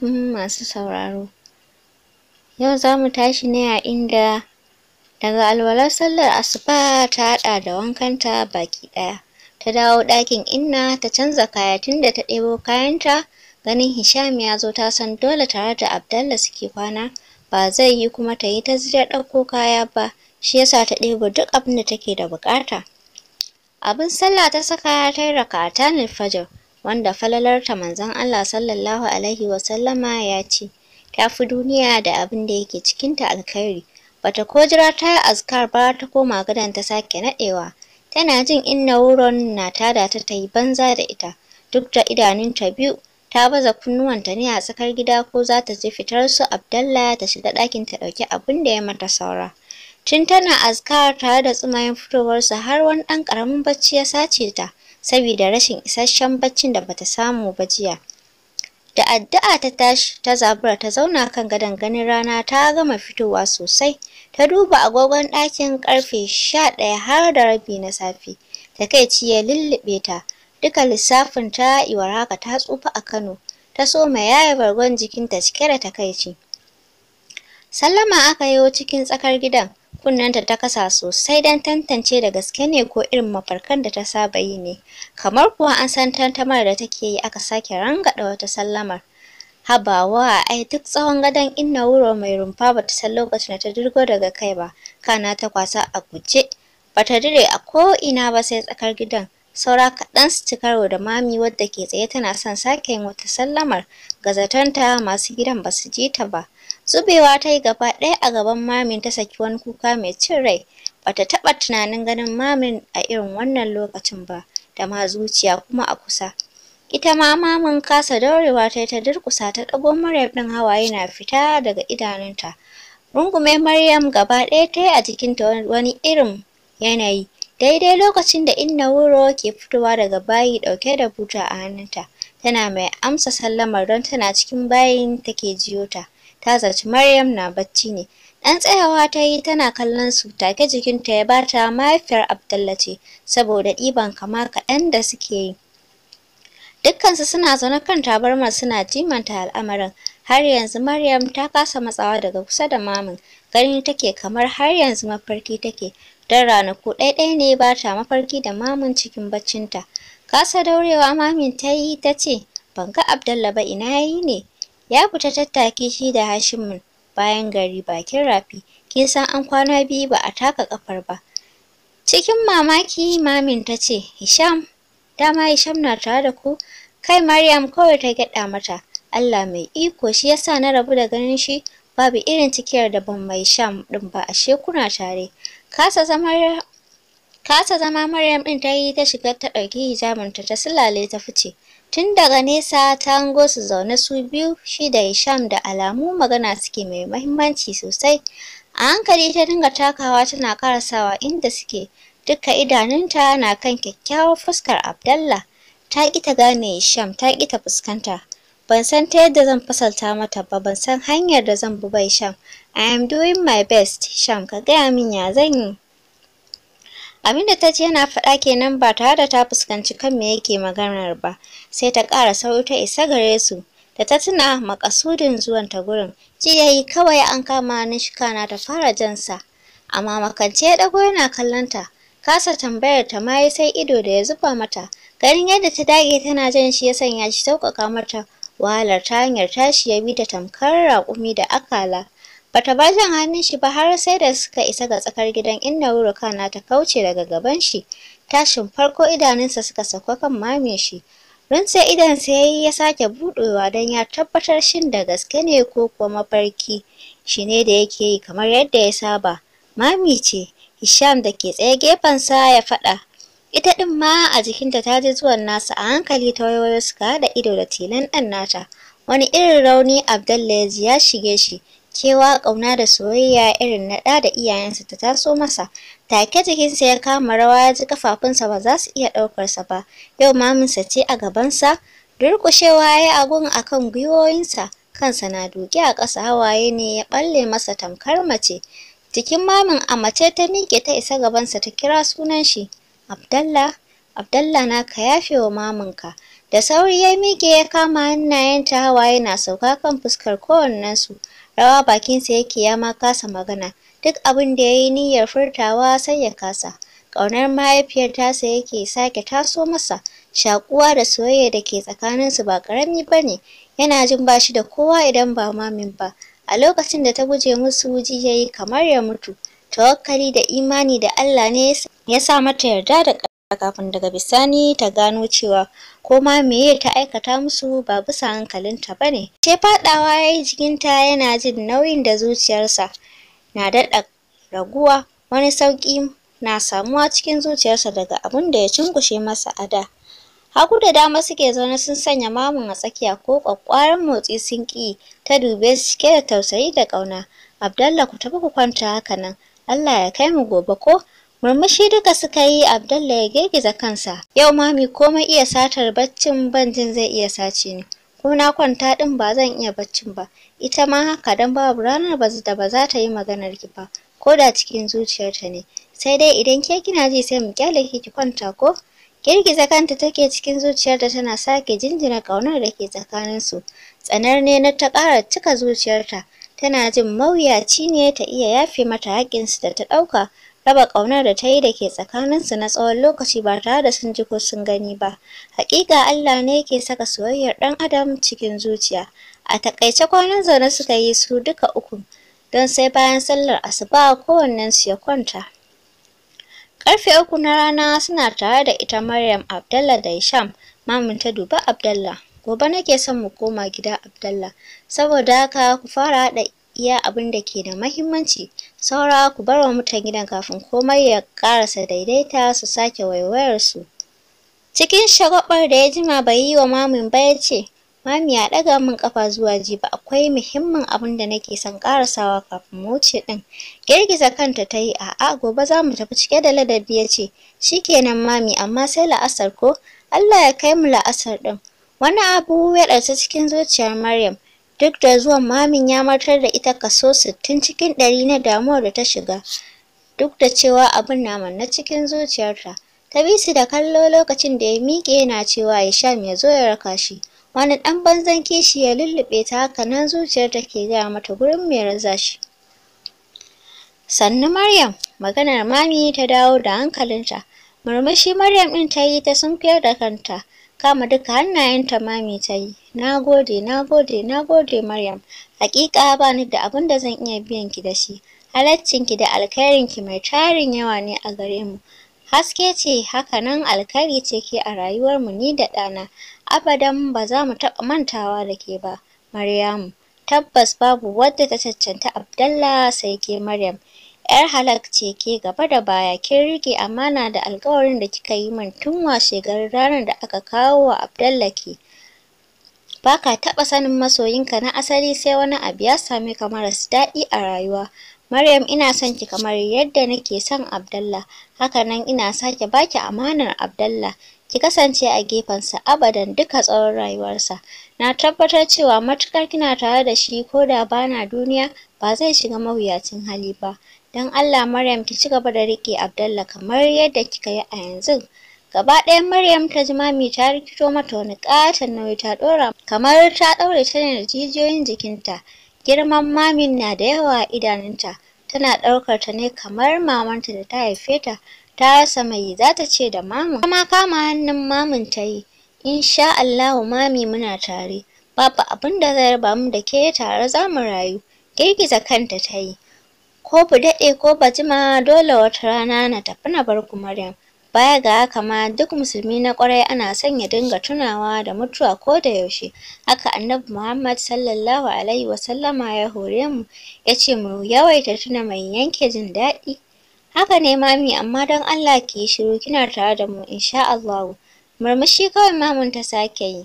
Hmm, masu sauraro yau zamu tashi ne a inda daga alwalar sallar asuba ta haɗa da wankanta baki ɗaya ta dawo ɗakin inna ta canza kaya tunda ta ɗebo kayanta. ganin Hisham ya zo ta san dole tare da Abdallah suke kwana ba zai yi kuma ta yi ta ɗauko kaya ba shi yasa ta ɗebo duk abin da take da buƙata abin sallah ta saka ta yi raka'atanil fajr wanda falalarta manzon Allah sallallahu alaihi sallama ya ce ta fi duniya da abin da yake cikinta alkhairi bata ko jira ta yi azkar ba ta koma gadon ta sake nadewa. tana jin inna wuron na tada ta ta yi banza da ita duk da idanunta biyu ta baza kunnuwanta ne a tsakar gida ko za ta je fitar su Abdallah ta shiga ɗakin ta ɗauki abin da ya mata saura tun tana azkar tare da tsumayen fitowarsa har wani ɗan ƙaramin bacci ya sace ta saboda rashin isasshen baccin da bata samu ba jiya. Da addu'a ta tashi, ta zabura ta zauna kan gadon ganin rana ta gama fitowa sosai. Ta duba agogon ɗakin ƙarfe sha ɗaya har da rabi na safe. Takaici ya lullube ta. Duka lissafin ta iwar haka ta tsufa a Kano. Ta soma yaya bargon jikinta cike da takaici. Sallama aka yi cikin tsakar gidan. kunnenta ta kasa sosai don tantance da gaske ne ko irin mafarkan da ta saba yi ne kamar kuwa an san tantamar da take yi aka sake rangada wata sallamar habawa ai duk tsawon gadon inna wuro mai rumfa ba ta san lokacin da ta dirgo daga kai ba kana ta kwasa a guje ta dire a ko ina ba sai tsakar gidan saura kaɗan su ci karo da mami wadda ke tsaye tana son sake yin wata sallamar ga zatonta masu gidan ba su ji ta ba zubewa ta yi gaba ɗaya a gaban mamin ta saki wani kuka mai cin rai Ba ta taɓa tunanin ganin mamin a irin wannan lokacin ba da ma zuciya kuma a kusa ita ma mamin kasa daurewa ta yi ta durƙusa ta ɗago muryar ɗin hawaye na fita daga idanunta rungume Maryam gaba ɗaya ta yi a jikinta wani irin yanayi Daidai lokacin da Inna Wuro ke fitowa daga bayi dauke da buta a hannunta, tana mai amsa sallamar don tana cikin bayin take jiyo ta. Ta zaci Maryam na bacci ne. Ɗan tsayawa ta yi tana kallon su take ta ya bata mahaifiyar Abdullahi, saboda ɗiban kama kaɗan da suke yi. Dukkansu suna zaune kan tabarmar suna jimanta al'amarin. Har yanzu Maryam ta kasa matsawa daga kusa da mamin, ganin take kamar har yanzu mafarki take. don ranaku ɗaiɗai ne ba ta mafarki da mamun cikin baccinta. Kasa daurewa mamin ta yi ta ce, ban ga Abdalla ba ina yi ne. Ya fita tattaki shi da Hashimin, bayan gari bakin rafi, kin san an kwana biyu ba a taka ƙafar ba. Cikin mamaki mamin ta ce, Hisham, dama Hisham na tare da ku? Kai Maryam kawai ta gyaɗa mata, Allah mai iko shi yasa na rabu da ganin shi babu irin cikiyar da ban mai sham ɗin ba ashe kuna tare kasa zama kasa zama Maryam ɗin ta yi ta shiga ta ɗauki hijabin ta sulale ta fice tun daga nesa ta hango su zaune su biyu shi da Hisham da alamu magana suke mai mahimmanci sosai a hankali ta dinga takawa tana karasawa inda suke duka idanunta na kan kyakkyawar fuskar Abdallah ta ƙi ta gane Hisham ta ƙi ta fuskanta ban san ta yadda zan fasalta mata ba ban san hanyar da zan bi bai sham i am doing my best sham ka gaya min ya zan yi da ta ce yana faɗa kenan ba tare da ta fuskanci kan me yake maganar ba sai ta ƙara sauri ta isa gare su da ta tuna makasudin zuwan ta gurin ji yi kawai an kama shi na ta fara jansa amma makance ya ɗago yana kallon ta kasa tambayar ta ma sai ido da ya zuba mata ganin yadda ta dage tana jan shi ya sanya shi sauƙaƙa mata wahalar ta hanyar tashi ya bi ta tamkar raƙumi da akala bata ba jan hannun shi ba har sai da suka isa ga tsakar gidan inda wuruka na ta kauce daga gaban shi tashin farko idanunsa suka sauka kan mame shi rintse idan sai ya sake buɗewa don ya tabbatar shin da gaske ne ko kuma mafarki shi ne da yake yi kamar yadda ya saba mami ce hisham da ke tsaye sa ya faɗa ita ɗin ma a jikinta ta ji zuwan nasa a hankali ta wayoyo suka haɗa ido da tilan ɗan nata wani irin rauni abdalla ya shige shi kewa Kauna da soyayya irin na da da iyayensa ta taso masa take jikinsa ya kama rawa ya ji kafafunsa ba za su iya ɗaukarsa ba yau maminsa ce a gabansa durkushewa ya yi agun akan kan gwiwoyinsa kansa na duke a ƙasa hawaye ne ya ɓalle masa tamkar mace jikin mamin a mace ta miƙe ta isa gabansa ta kira sunan shi Abdallah, Abdallah na ka yafe wa mamanka. Da sauri ya miƙe ya kama hannayenta hawaye na sauka kan fuskar kowannensu. Rawa bakinsa yake ya ma kasa magana. Duk abin da ya yi niyyar furtawa sai ya kasa. Ƙaunar mahaifiyar sa yake sake taso masa. Shaƙuwa da soyayya da ke tsakaninsu ba ƙarami ba ne. Yana jin ba shi da kowa idan ba mamin ba. A lokacin da ta guje musu ji ya yi kamar ya mutu. tawakkali da imani da Allah ne ya sa mata yarda da kafin daga bisani ta gano cewa ko koma meye ta aikata musu ba bisa hankalinta ba ne. ce faɗawa ya yi jikinta yana jin nauyin da zuciyarsa na daɗa raguwa wani sauƙi na samuwa cikin zuciyarsa daga abin da ya cunkushe masa a da. Hagu da dama suke zaune sun sanya mamun a tsakiya ko ƙwaƙƙwaran motsi sun ƙi ta dube su cike da tausayi da ƙauna. Abdallah ku tafi ku kwanta haka nan. Allah ya kai mu gobe ko murmushi duka suka yi abdalla ya girgiza kansa yau ma mami komai iya satar baccin ban jin zai iya sace ni kuma na kwanta din ba zan iya baccin ba ita ma haka dan babu ranar ba da ba za ta yi maganar ki ba ko da cikin zuciyarta ne sai dai idan ke kina ji sai mu kyale ki ki kwanta ko girgiza kanta take cikin zuciyar da tana sake jinjina kaunar da ke tsakaninsu tsanar ne na ta ƙara cika zuciyarta tana jin mawuyaci ne ta iya yafe mata haƙƙinsu da ta ɗauka raba ƙaunar da ta yi da ke tsakaninsu na tsawon lokaci ba tare da sun ji ko sun gani ba haƙiƙa Allah ne yake saka soyayyar ɗan adam cikin zuciya a taƙaice kwanan zaune suka yi su duka uku, don sai bayan sallar asuba kowannensu ya kwanta ƙarfe uku na rana suna tare da ita Maryam Abdallah da Hisham maminta duba Abdallah Gobe nake son mu koma gida Abdallah, saboda haka ku fara haɗa iya abin da ke da mahimmanci, saura ku bar wa mutan gidan kafin komai ya ƙarasa daidaita su sake waiwayar su Cikin shagabar da ya jima bai yi wa mamin ba ya ce, Mami ya ɗaga min kafa zuwa jiba akwai muhimmin abin da nake son ƙarasawa kafin mu wuce ɗin. Girgiza kanta ta yi a'a gobe za mu tafi cike da ladabi ya ce, Shi kenan mami amma sai la'asar ko? Allah ya kai mu la'asar ɗin. Wani abu ya ɗarsu cikin zuciyar Maryam, duk da zuwan mamin ya martar da ita kaso sittin cikin ɗari na damuwar da ta shiga, duk da cewa abin na manna cikin zuciyarta. Ta bi su da kallo lokacin da ya miƙe yana cewa sha mai zo ya raka shi. Wani ɗan banzan kishi ya lullube ta haka nan zuciyar ke gaya mata gurin mai raza shi. Sannu Maryam, maganar mami ta dawo da hankalinta. Murmushi Maryam ɗin ta yi ta sunkuyar da kanta. kama duka hannayen ta mami ta yi na gode na gode na gode maryam hakika ba ni da abin da zan iya biyan ki da shi halaccinki da alkhairinki mai tarin yawa ne a gare mu haske ce haka nan alkhairi ce ke a rayuwarmu ni da ɗana abadan ba za mu taɓa mantawa da ke ba maryamu tabbas babu wadda ta cancanta abdallah sai ke maryam Yar halak ce ke gaba da baya kin rike amana da alkawarin da kika yi min tun washegarin ranar da aka kawo wa Abdullahi. Ba ka taɓa sanin masoyinka na asali sai wani abu ya same ka maras daɗi a rayuwa. Maryam ina son ki kamar yadda nake son Abdallah, hakanan ina sake baki amanar Abdallah. Ki kasance a gefensa abadan duka tsawon rayuwarsa. Na tabbatar cewa matukar kina tare da shi ko da bana duniya ba zai shiga mawuyacin hali ba. Don Allah Maryam ki ci gaba da rike Abdalla kamar yadda kika yi a yanzu. Gaba ɗaya Maryam ta ji mami ta rikito mata wani ƙaton nauyi ta ɗora kamar ta ɗaure ta ne da jijiyoyin jikinta. Girman mamin na da yawa a idanunta. Tana ɗaukar ta ne kamar mamanta da ta haife ta. Ta rasa mai za ta ce da mamu Kama kama hannun mamin ta yi. Insha Allahu mami muna tare. babu abin da zai raba mu da ke tare za mu rayu girgiza kanta ta yi ko ku daɗe ko ba jima dole wata rana na tafi na bar ku Maryam. Baya ga haka ma duk musulmi na ƙwarai ana son ya dinga tunawa da mutuwa ko da yaushe. Haka Annabi Muhammad sallallahu alaihi wa sallama ya hore mu ya ce mu yawaita tuna mai yanke jin daɗi. Haka ne mami amma don Allah ki yi shiru kina tare da mu insha Allahu. Murmushi kawai mamun ta sake yi.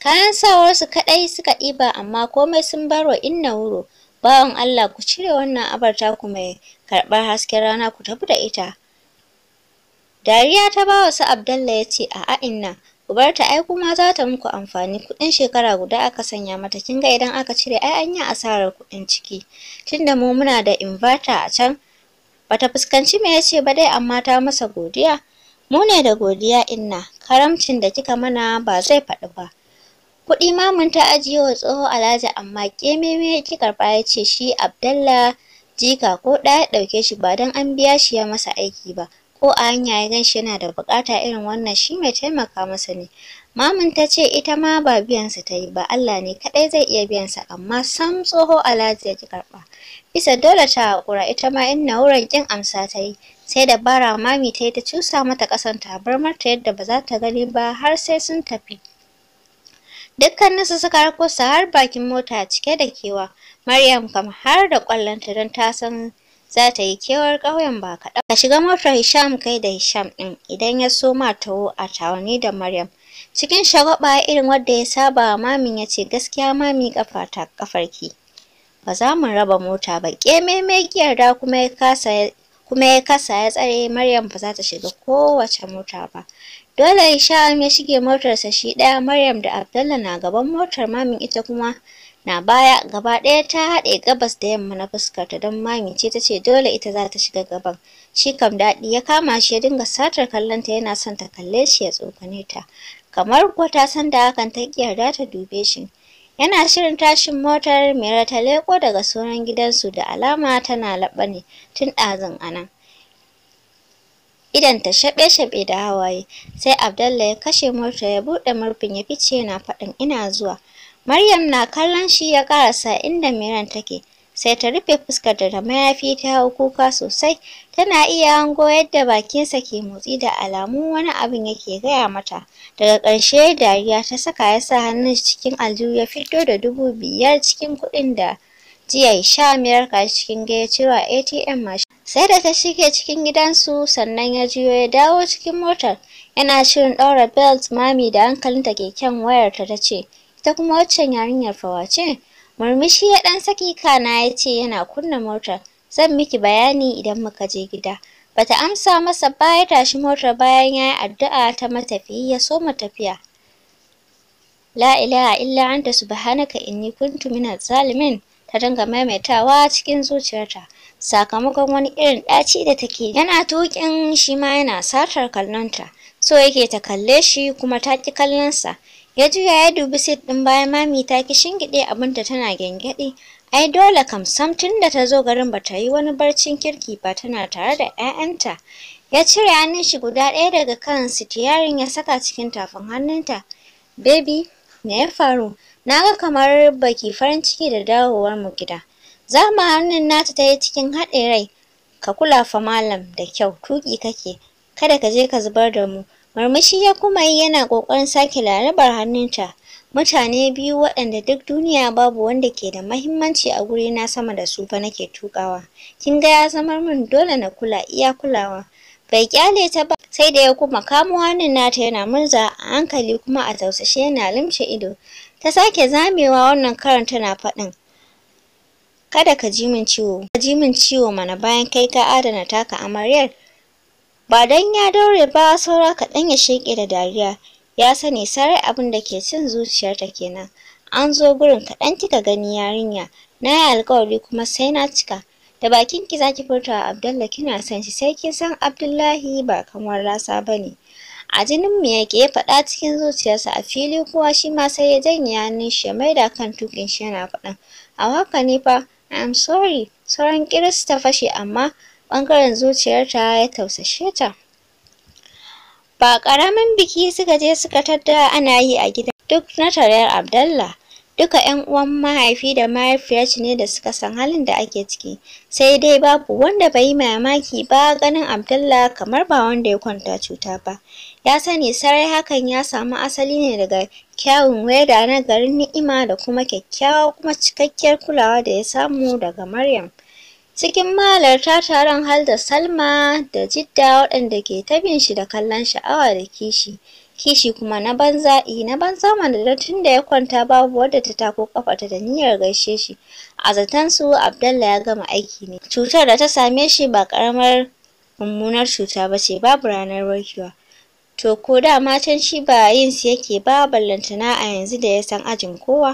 Kayan sawarsu kaɗai suka ɗiba amma komai sun bar Inna wuro. bawan Allah ku cire wannan abartaku ku mai karɓar hasken rana ku tafi da ita dariya ta bawa su Abdallah ya ce a'a inna ku bar ta ai kuma za ta muku amfani kuɗin shekara guda aka sanya mata kin ga idan aka cire ai an asarar kuɗin ciki tunda mu muna da inverter a can bata fuskanci me yace ba dai amma ta masa godiya mu ne da godiya inna karamcin da kika mana ba zai faɗi ba Kuɗi mamun ta ajiye wa tsoho Alhaji amma ƙememe ya karba karɓa ya ce shi abdalla jika ko ɗaya ɗauke shi ba don an biya shi ya masa aiki ba. Ko a hanya ya ganshi yana da buƙata irin wannan shi mai taimaka masa ne. Mamun ta ce ita ma ba biyansa ta yi ba Allah ne kaɗai zai iya biyansa amma sam tsoho Alhaji ya ki karɓa. Bisa dole ta haƙura ita ma in wurin ƙin amsa ta yi. sai dabara mami ta yi ta cusa mata ƙasan tabarmarta yadda ba za ta gani ba har sai sun tafi. Dukkaninsu suka rako har bakin mota cike da kewa. Maryam kam har da ƙwallonta don ta san za ta yi kewar ƙauyen ba kaɗan. Ka shiga motar Hisham kai da Hisham ɗin idan ya so ma taho a tawani da Maryam. Cikin shagaba irin wadda ya saba mamin ya ce gaskiya mami ƙafa ta ƙafarki. Ba za mu raba mota ba ƙeme mai da kuma ya kasa ya tsare Maryam ba za ta shiga kowace mota ba. Dole Hisham ya shige motarsa shi ɗaya Maryam da Abdallah na gaban motar mamin ita kuma na baya gaba ɗaya ta haɗe gabas da yamma na fuskarta don mami ce ta ce dole ita za ta shiga gaban. Shi kam daɗi ya kama shi ya dinga satar kallonta yana son ta kalle shi ya tsokane ta. Kamar kuwa ta san da hakan ta ƙi yarda ta dube shi. Yana shirin tashin motar Mira ta leƙo daga sauran gidansu da alama tana laɓa tun ɗazun anan. idan ta shaɓe-shaɓe da hawaye sai Abdallah ya kashe murta ya buɗe murfin ya fice yana faɗin ina zuwa Maryam na kallon shi ya ƙarasa inda Miran take sai ta rufe fuskar da mayafi ta hau kuka sosai tana iya hango yadda bakinsa ke motsi da alamu wani abin yake gaya mata daga ƙarshe dariya ta saka ya sa hannun cikin aljihu ya fito da dubu biyar cikin kuɗin da jiya sha miyar kashi cikin gaya cewa atm mashin sai da ta shige cikin gidansu sannan ya jiyo ya dawo cikin motar yana shirin ɗaura belt mami da hankalinta ke kyan wayarta ta ce ita kuma waccan yarinyar fawa ce murmushi ya ɗan saki kana ya ce yana kunna motar zan miki bayani idan muka je gida bata amsa masa ba ya tashi motar bayan ya yi addu'a ta matafi ya soma tafiya la ilaha illa anta subhanaka inni kuntu minaz zalimin ta dinga maimaitawa cikin zuciyarta sakamakon wani irin ɗaci da take yana tuƙin shi ma yana satar kallonta so yake ta kalle shi kuma ta ƙi kallonsa ya juya ya dubi sit ɗin bayan mami ta ki shingiɗe abinta tana gyangyaɗe ai dole kam sam tun da ta zo garin ba ta yi wani barcin kirki ba tana tare da 'ya'yanta ya cire hannun shi guda ɗaya daga kan sitiyarin ya saka cikin tafin hannunta baby me ya faru Na ga kamar baki farin ciki da dawowar mu gida. Zama hannun nata ta yi cikin haɗe rai. Ka kula fa malam da kyau, tuƙi kake. Kada ka je ka zubar da mu. Murmushi ya kuma yi yana ƙoƙarin sake larabar hannunta. Mutane biyu waɗanda duk duniya babu wanda ke da mahimmanci a guri na sama da su fa nake tuƙawa. Kin ga ya zamar min dole na kula iya kulawa. Bai kyale ta ba sai da ya kuma kamo hannun nata yana murza a hankali kuma a tausashe yana limshe ido. Ta sake zamewa wannan karanta na faɗin. Kada ka ji min ciwo, ka ji min ciwo mana bayan kai ka adana taka amaryar. Ba dan ya daure ba saura kaɗan ya sheƙe da dariya, ya sani sarai abin da ke cin zuciyarta kenan. An zo gurin kaɗan kika gani yarinya, na yi alƙawari kuma sai na cika. da bakin ki zaki furta Abdullahi, kina son shi sai kin san Abdullahi ba kamar rasa bane a jinin mu yake ya faɗa cikin zuciyarsa a fili kowa shi ma sai ya janye hannun shi ya maida kan tukin shi yana faɗan a haka ne fa I'm sorry sauran kirista ta fashe amma ɓangaren zuciyarta ya tausashe ta ba ƙaramin biki suka je suka tada ana yi a gidan duk na tarayyar Abdallah duka ƴan uwan mahaifi da mahaifiyarci ne da suka san halin da ake ciki sai dai babu wanda bai yi mamaki ba ganin Abdallah kamar ba wanda ya kwanta cuta ba ya sani sarai hakan ya samu asali ne daga kyawun weda na garin ni'ima da kuma kyakkyawa kuma cikakkiyar kulawa da ya samu daga Maryam. Cikin mahalarta taron har da Salma da Jidda waɗanda ke ta bin shi da kallon sha'awa da kishi. Kishi kuma na banza i na banza da tun da ya kwanta babu wadda ta tako kafarta da niyyar gaishe shi. A zaton su Abdallah ya gama aiki ne. Cutar da ta same shi ba karamar mummunar cuta ba ce babu ranar warkewa. to ko dama can shi ba yin su yake ba ballantana a yanzu da ya san ajin kowa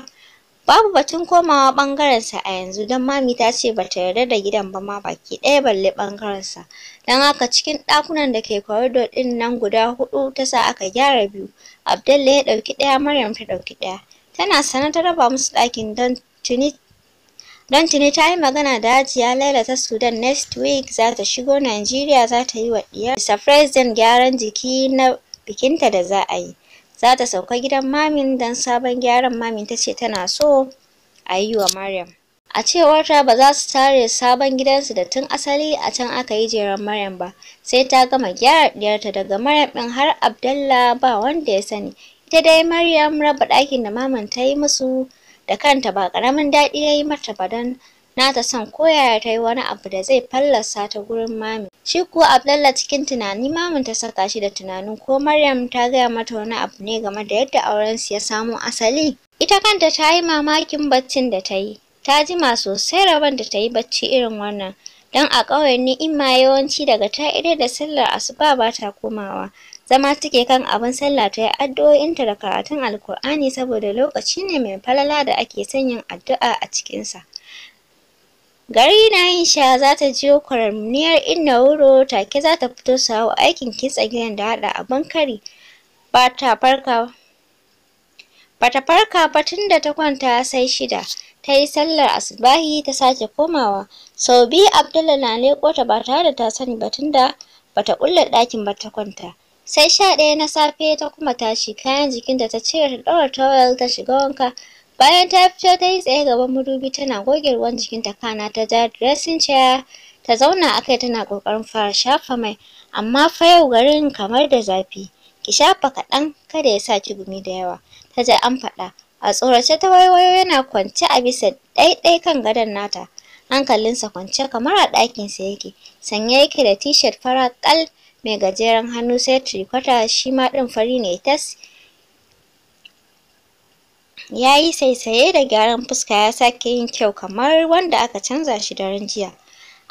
babu batun komawa bangaren sa a yanzu don mami ta ce bata yarda da gidan ba ma baki ɗaya balle bangaren sa don haka cikin ɗakunan da ke corridor ɗin nan guda hudu ta sa aka gyara biyu Abdalla ya ɗauki ɗaya Maryam ta ɗauki ɗaya tana sanar ta raba musu ɗakin don tuni Don tuni ta yi magana da Hajiya Laila ta Sudan next week za ta shigo Najeriya za ta yi wa diyar President gyaran jiki na bikinta da za a yi. Za ta sauka gidan mamin don sabon gyaran mamin ta ce tana so a yi wa Maryam. A cewar ta ba za su tare sabon gidansu da tun asali a can aka yi jeren Maryam ba, sai ta gama gyara diyarta daga Maryam ɗin har Abdallah ba wanda ya sani. Ita dai Maryam raba ɗakin da maman ta yi musu da kanta ba ƙaramin daɗi ya yi mata ba don nata son koyaya ta yi wani abu da zai fallasa ta gurin mami. Shi kuwa Abdallah cikin tunani mamin ta saka shi da tunanin ko Maryam ta gaya mata wani abu ne game da yadda aurensu ya samo asali. Ita kanta ta yi mamakin baccin da ta yi, ta jima sosai rabon da ta yi bacci irin wannan. Don a ƙauyen ni'ima yawanci daga ta da sallar asuba ba ta komawa, zama take kan abin sallah ta yi addu'o'inta da karatun alkur'ani saboda lokaci ne mai falala da ake sanyin addu'a a cikinsa gari na yin sha za ta jiyo kwaramniyar inna wuro take za ta fito su hau aikin kitsa gidan da haɗa abin kari ba ta farka ba ta farka ba tun da ta kwanta sai shida ta yi sallar asubahi ta sake komawa sau biyu Abdullahi na leƙo ta ba tare da ta sani ba tun da ta ƙulla ɗakin ba ta kwanta Sai sha ɗaya na safe ta kuma tashi kayan jikinta ta cire ta ɗora towel ta shiga wanka. Bayan ta fito ta yi tsaye gaban madubi tana goge ruwan jikin ta, kana ta ja dressing chair ta zauna a tana ƙoƙarin fara shafa mai. Amma fa yau garin kamar da zafi. Ki shafa kaɗan kada ya sa ki gumi da yawa. Ta ji an faɗa. A tsorace ta waiwayo yana kwance a bisa ɗaiɗai kan gadon nata. Hankalinsa kwance kamar a ɗakinsa yake. Sanye yake da t-shirt fara ƙal mai gajeren hannu sai trikwata shi ma ɗin fari ne tas ya yi saisaye da gyaran fuska ya sake yin kyau kamar wanda aka canza shi daren jiya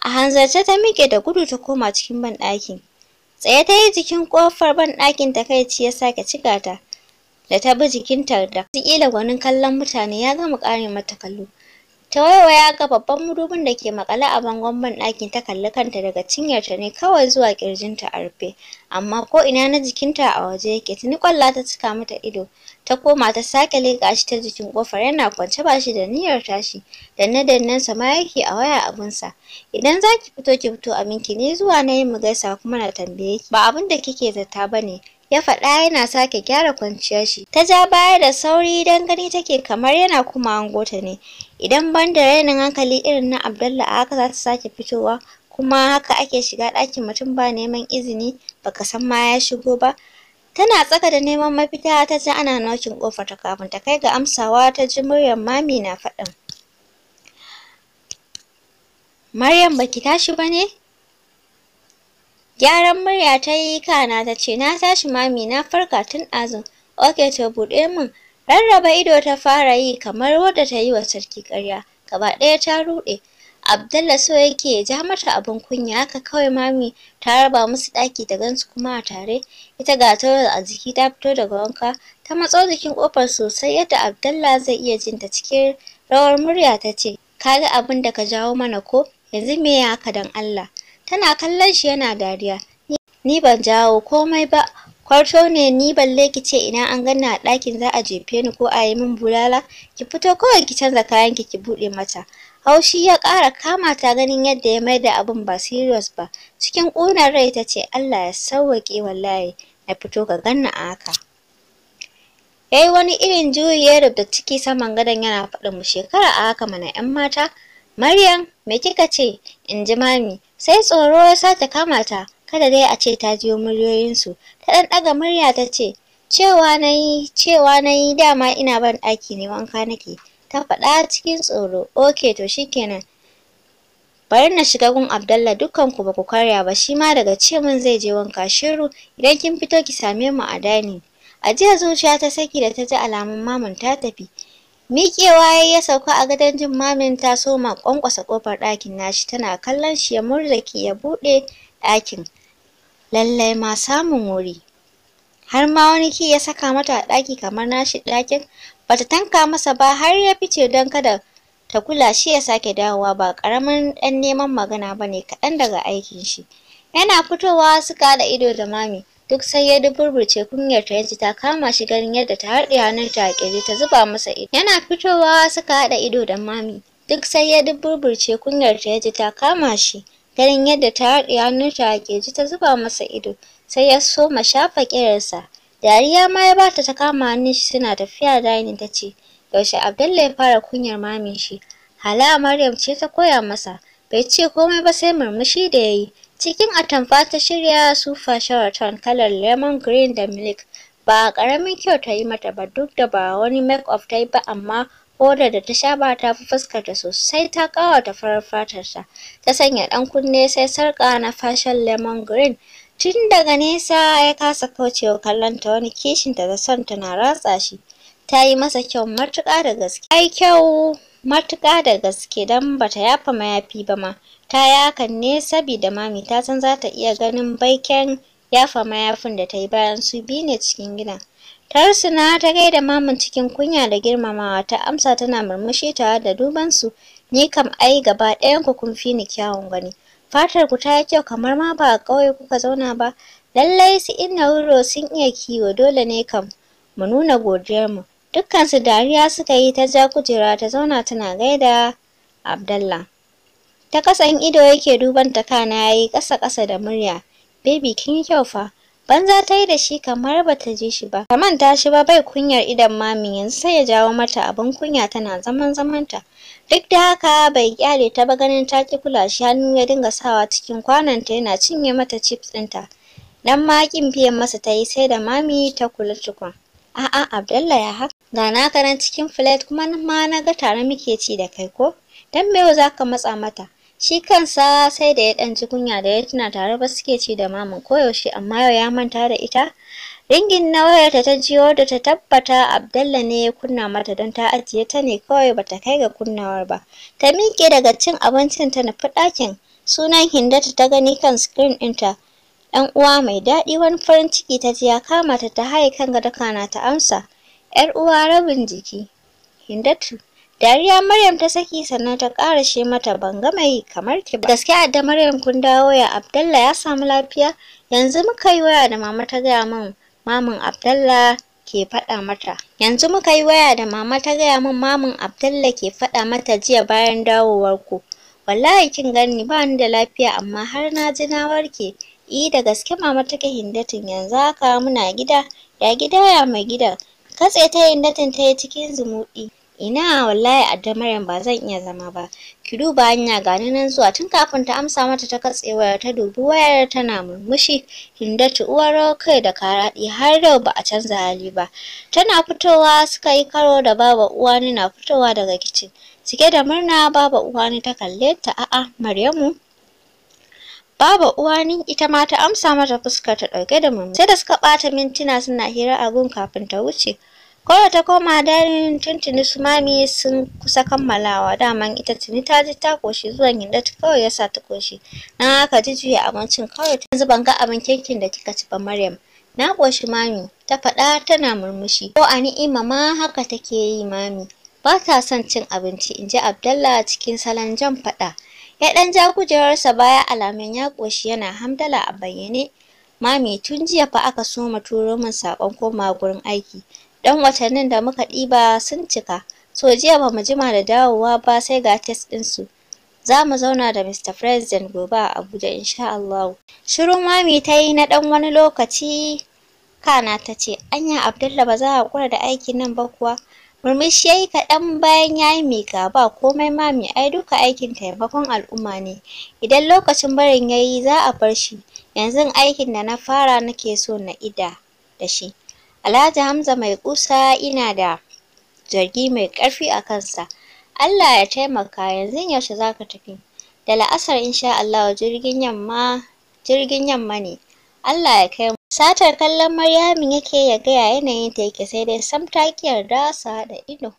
a hanzarta ta miƙe da gudu ta koma cikin banɗakin tsaye ta yi jikin ƙofar banɗakin takaici ya sake cigata da ta bi jikinta da wataƙila gwanin kallon mutane ya gama ƙarin mata kallo Ta waiwaya ga babban mudubin da ke makale a bangon banɗakin ta kalli kanta daga cinyarta ne kawai zuwa ƙirjinta a rufe, amma ko'ina na jikinta a waje yake tuni ƙwalla ta cika mata ido. Ta koma ta sake leƙa shi ta jikin ƙofar yana kwance ba shi da niyyar tashi, danne-dannensa ma yake a waya abinsa. Idan za ki fito ki fito abinki ne zuwa na yi mu gaisa kuma na tambaye ki ba abin da kike zata ba ne. ya faɗa yana sake gyara kwanciyar shi ta ja baya da sauri don gani take kamar yana kuma angota ne idan ban da rainin hankali irin na abdulla a haka za ta sake fitowa kuma haka ake shiga ɗakin mutum ba neman izini baka san ma ya shigo ba tana tsaka da neman mafita ta ji ana nokin ƙofar ta kafin ta kai ga amsawa ta ji muryar mami na faɗin Maryam baki tashi ba ne? Gyaran murya ta yi kana ta ce, Na tashi mami na farka tun azun. Oke ta buɗe min. Rarraba ido ta fara yi kamar wadda ta yi wa sarki ƙarya. Gaba ɗaya ta ruɗe. Abdalla so yake ya ja mata abin kunya haka kawai mami ta raba musu ɗaki da gansu kuma a tare. Ita ga tawul a jiki ta fito daga wanka. Ta matso jikin ƙofar sosai yadda Abdalla zai iya jin ta cikin rawar murya ta ce, Ka ga abin da ka jawo mana ko? Yanzu me ya haka don Allah? tana kallon shi yana dariya ni ban jawo komai ba kwarto ne ni balle ki ce ina an ganna a ɗakin za a jefe ni ko a yi min bulala ki fito kawai ki canza kayan ki ki buɗe mata haushi ya ƙara kama ta ganin yadda ya maida abin ba serious ba cikin ƙunar rai ta ce Allah ya sauwaƙe wallahi na fito ka ganna a haka ya yi wani irin juyi da ciki saman gadon yana faɗin mu shekara a haka mana 'yan mata Maryam me kika ce in ji mami sai tsoro ya sake kama ta kada dai a ce ta jiyo muryoyinsu ta ɗan ɗaga murya ta ce cewa na yi cewa na yi dama ina ban ɗaki ne wanka nake ta faɗa cikin tsoro ok to shikenan bari na shiga gun abdallah dukkan ku baku karya ba shi ma daga ce min zai je wanka shiru idan kin fito ki same mu a dani a jiya zuciya ta saki da ta ji alamun mamun ta tafi Miƙewa ya ya sauka a gadon jin mamin ta soma ƙwanƙwasa ƙofar ɗakin nashi tana kallon shi ya ki ya buɗe ɗakin. Lallai ma samun wuri. Har ma wani ki ya saka mata a ɗaki kamar nashi ɗakin bata tanka masa ba har ya fice don kada ta kula shi ya sake dawowa ba ƙaramin ɗan neman magana ba ne kaɗan daga aikin shi. Yana fitowa suka haɗa ido da mami. duk sai ya duburburce kunyar ta yanzu ta kama shi ganin yadda ta harɗe hannun ta a ta zuba masa ido yana fitowa suka haɗa ido da mami duk sai ya burburce kunyar ta yanzu ta kama shi ganin yadda ta harɗe hannun ta a ta zuba masa ido sai ya soma shafa ƙirarsa dariya ma ya bata ta kama hannun shi suna tafiya dainin ta ce yaushe Abdullahi ya fara kunyar mamin shi Hala Maryam ce ta koya masa, bai ce komai ba sai murmushi da ya yi, Cikin atamfa ta shirya sufa sharaton kalar lemon green da milk. Ba ƙaramin kyau ta yi mata ba duk da ba wani make of ta yi ba amma Hoda da ta sha ba ta fi fuskarta sosai ta ƙawata farar fatarta. Ta sanya ɗan kunne sai sarƙa na fashion lemon green. Tun daga nesa ya kasa kaucewa kallon ta wani kishin da son ta na ratsa shi. Ta yi masa kyau matuka da gaske. Ta yi kyau matuka da gaske dan ba ta yafa mayafi ba ma. Ta yi hakan ne sabida Mami ta san za ta iya ganin Baiken yafa mayafin da ta yi bayan su biyu ne cikin gidan. Tarsuna ta gaida Mamin cikin kunya da girmamawa ta amsa tana murmushi tare da duban su. Ni kam ai gaba ɗayan ku kun fi ni kyawun gani. Fatar ku ta yi kyau kamar ma ba a ƙauye kuka zauna ba. Lallai su inna wuro sun iya kiwo dole ne kam mu nuna godiyar godiyarmu. Dukkansu dariya suka yi ta ja kujera ta zauna tana gaida Abdallah. Ta kasan ido yake duban ta kana yayi ƙasa-ƙasa da murya. Baby kin yi kyau fa. Banza ta yi da shi kamar ba ta ji shi ba. Ta manta shi ba bai kunyar idan mami yanzu sai ya jawo mata abin kunya tana zaman zamanta. Duk da haka bai kyale ta ba ganin ta ki kula shi hannu ya dinga sawa cikin ta yana cinye mata chips ta. Dan ma kin biyan masa ta yi sai da mami ta kula cikon. A'a Abdullahi ya haka. Ga na cikin filet kuma ma na ga tare muke ci da kai ko? Dan me yau za ka matsa mata? Shi kansa sai da ya ɗan ji kunya da ya tuna tare ba suke ci da maman koyaushe amma yau ya manta da ita. Ringin na wayarta ta jiyo da ta tabbata abdalla ne ya kunna mata don ta ajiye ta ne kawai bata kai ga kunnawar ba. Ta miƙe daga cin abincin ta nufi ɗakin. Sunan Hindata ta gani kan screen ɗinta. Ɗan uwa mai daɗi wani farin ciki ta ji ya kama ta ta haye kan gado kana ta amsa. ‘Yar uwa rabin jiki. Hindatu. Dariya Maryam ta saki sannan ta ƙara shi mata ban gama yi kamar ki ba. Gaskiya da Maryam kun dawo ya Abdullahi ya samu lafiya. Yanzu muka yi waya da mama ta gaya min mamin Abdullahi ke faɗa mata. Yanzu muka yi waya da mama ta gaya min mamin Abdullahi ke faɗa mata jiya bayan dawowar ku. Wallahi kin gani ba ni da lafiya amma har na ji na warke. Eh da gaske mama take hindatin yanzu haka muna gida. Ya gida ya mai gida. Katse ta hindatin ta yi cikin zumuɗi. ina wallahi adda Maryam ba zan iya zama ba ki duba hanya ni nan zuwa tun kafin ta amsa mata ta katse waya ta dubi wayar tana murmushi Hindatu uwar kai da karaɗi har yau ba a canza hali ba tana fitowa suka yi karo da baba uwani na fitowa daga kicin cike da murna baba uwani ta kalle ta a'a Maryamu Baba uwani ita ma ta amsa mata fuska ta ɗauke da murmushi sai da suka ɓata mintuna suna hira a gun kafin ta wuce Kowa ta koma dainin tuntuni su mami sun kusa kammalawa Dama ita tuni ta ji ta koshi zuwan ta kawai ya sa ta koshi. Na haka ji juya abincin kawai ta zuban ga abin kinkin da kika ci ba Maryam. Na koshi mami ta faɗa tana murmushi. Ko a ni'ima ma haka take yi mami. Ba ta son cin abinci in ji Abdallah cikin salon jan faɗa. Ya ɗan ja kujerarsa baya alamin ya koshi yana hamdala a bayyane. Mami tun jiya fa aka soma turo min saƙon koma gurin aiki. dan watannin da muka ɗiba sun cika so jiya ba mu jima da dawowa ba sai ga test ɗinsu za mu zauna da Mr. President gobe a Abuja insha Allah. Shiru mami ta yi na ɗan wani lokaci kana ta ce anya Abdullah ba za a kura da aikin nan ba kuwa. Murmushi ya yi kaɗan bayan ya yi miƙa ba komai mami ai duka aikin taimakon al'umma ne. Idan lokacin barin ya yi za a bar shi, yanzu aikin da na fara nake so na ida da shi. Alhaji Hamza mai ƙusa ina da zargi mai ƙarfi a kansa. Allah ya taimaka yanzu yaushe za ka tafi? Da la'asar insha Allah jirgin yamma jirgin yamma ne. Allah ya kai mu. Satar kallon Maryamu yake ya gaya yanayin ta yake sai dai sam ta ƙi yarda su haɗa ido.